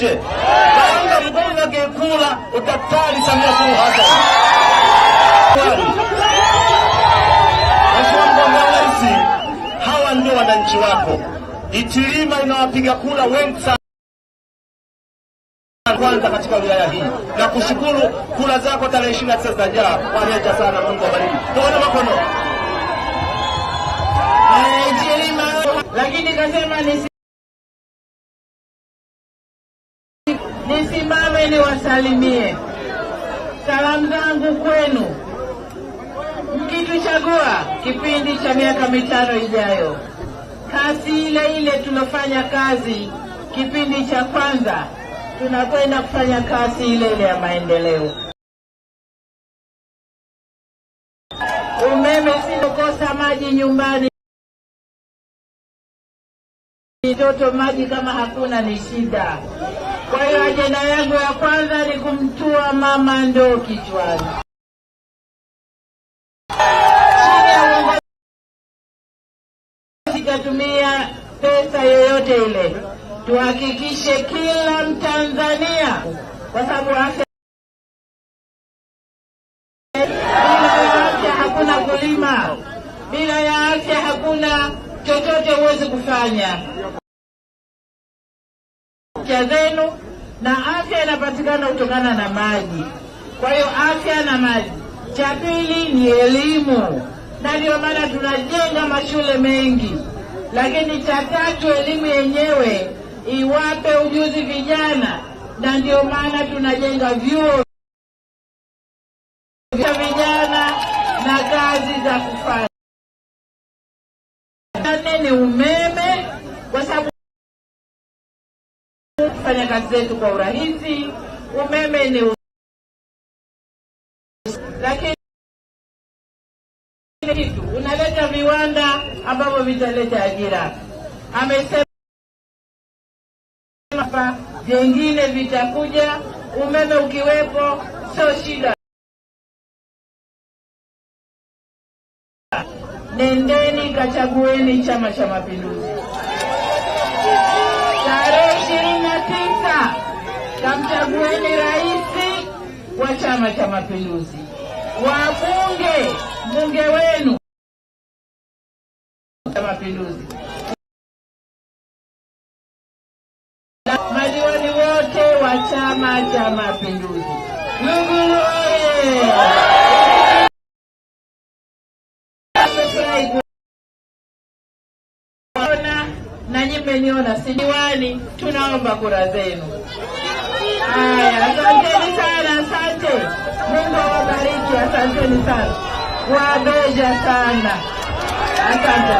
nje. Kama mbunge angekula udaktari Samia Suluhu Hassan. Mheshimiwa mgombea urais, hawa ndio wananchi wako. Itilima inawapiga kura wengi sana kwanza katika wilaya hii na kushukuru kula zako tarehe ishirini na tisa zitajaa waneja sana. Mungu awabariki. Tuone makono lakini kasema ni nisimame niwasalimie. Salamu zangu kwenu, mkituchagua kipindi cha miaka mitano ijayo, kazi ile ile tulofanya kazi kipindi cha kwanza, tunakwenda kufanya kazi ile ile ya maendeleo. Umeme sitokosa, maji nyumbani mtoto, maji kama hakuna ni shida. Kwa hiyo ajenda yangu ya kwanza ni kumtua mama ndoo kichwani. Chini pesa yoyote ile, tuhakikishe kila Mtanzania, kwa sababu afya bila afya hakuna kulima, bila ya afya hakuna chochote huwezi kufanya afya zenu, na afya inapatikana kutokana na maji. Kwa hiyo afya na maji. Cha pili ni elimu, na ndio maana tunajenga mashule mengi. Lakini cha tatu, elimu yenyewe iwape ujuzi vijana, na ndio maana tunajenga vyuo vya vijana na kazi za kufanya. Ni umeme kufanya kazi zetu kwa urahisi. Umeme ni lakini kitu unaleta viwanda ambavyo vitaleta ajira, amesema hapa, jengine vitakuja. Umeme ukiwepo sio shida. Nendeni kachagueni Chama cha Mapinduzi. wa Chama cha Mapinduzi, wabunge, mbunge wenu cha Mapinduzi, madiwani wote wa Chama cha Mapinduzi, Luguru oye! na nyinyi mmeniona, si diwani, tunaomba kura zenu. Haya, asanteni sana wote, Mungu awabariki. Asanteni sana, wabeja sana, asante.